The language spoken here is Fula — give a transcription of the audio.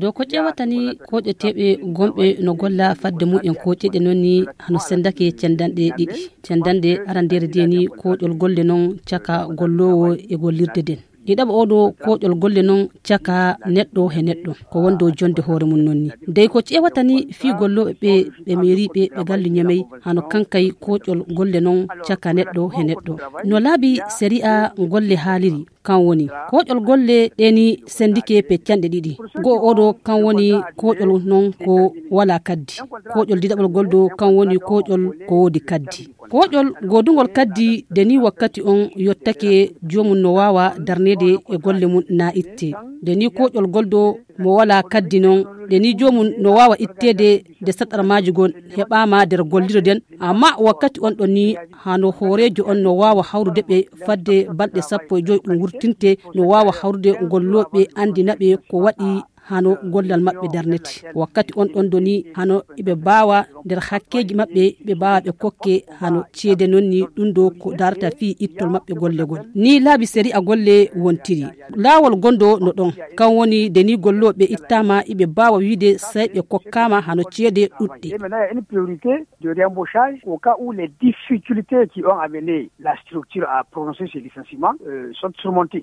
do ko ƴewata ni koƴeteɓe gomɓe no golla fadde mumen koƴeɗe noon ni hano sendake cendanɗe ɗiɗi cendanɗe arandere de ni koƴol golle noon caka gollowo e gollirde den ɗi ɗaɓa oɗo koƴol golle noon caka neɗɗo he neɗɗo ko won dow jonde hoore mum noon ni dey ko ƴewata ni fi golloɓe ɓe ɓe mairiɓe ɓe galli ñamey hano kankay koƴol golle noon caka neɗɗo he neɗɗo no laaɓi série a golle haaliri kan woni koƴol golle ɗeni sendike peccanɗe ɗiɗi go oɗo kan woni koƴol noon ko wala kaddi koƴol diɗaɓol gol do kan woni koƴol ko wodi kaddi koƴol godugol kaddi deni wakkati on yottake jomum no wawa darnede e golle mum na itte deni koƴol goldo mo wala kaddi noon deni jomum no wawa ittede nde saɗarmaji gon heɓama nder gollido den amma wakkati on ɗon ni hano hoorejo on no wawa hawrude ɓe fadde balɗe sappo e joyi ɗum wurtinte no wawa hawrude golloɓe andinaɓe ko waɗi hano gollal maɓɓe darnete wakkati on ɗon doni hano ɓe mbawa nder hakkeji maɓɓe ɓe mbawa ɓe kokke hano ceede noon ni ɗum ɗo ko darata fi ittol maɓɓe gollegol ni laabi séri a golle wontiri lawol gondo no ɗon kan woni de golloɓe ittama iɓe mbawa wiide sey ɓe kokkama hano ceede ɗuɗɗe la structure à prononcer ce licenciement euh, sont surmontées.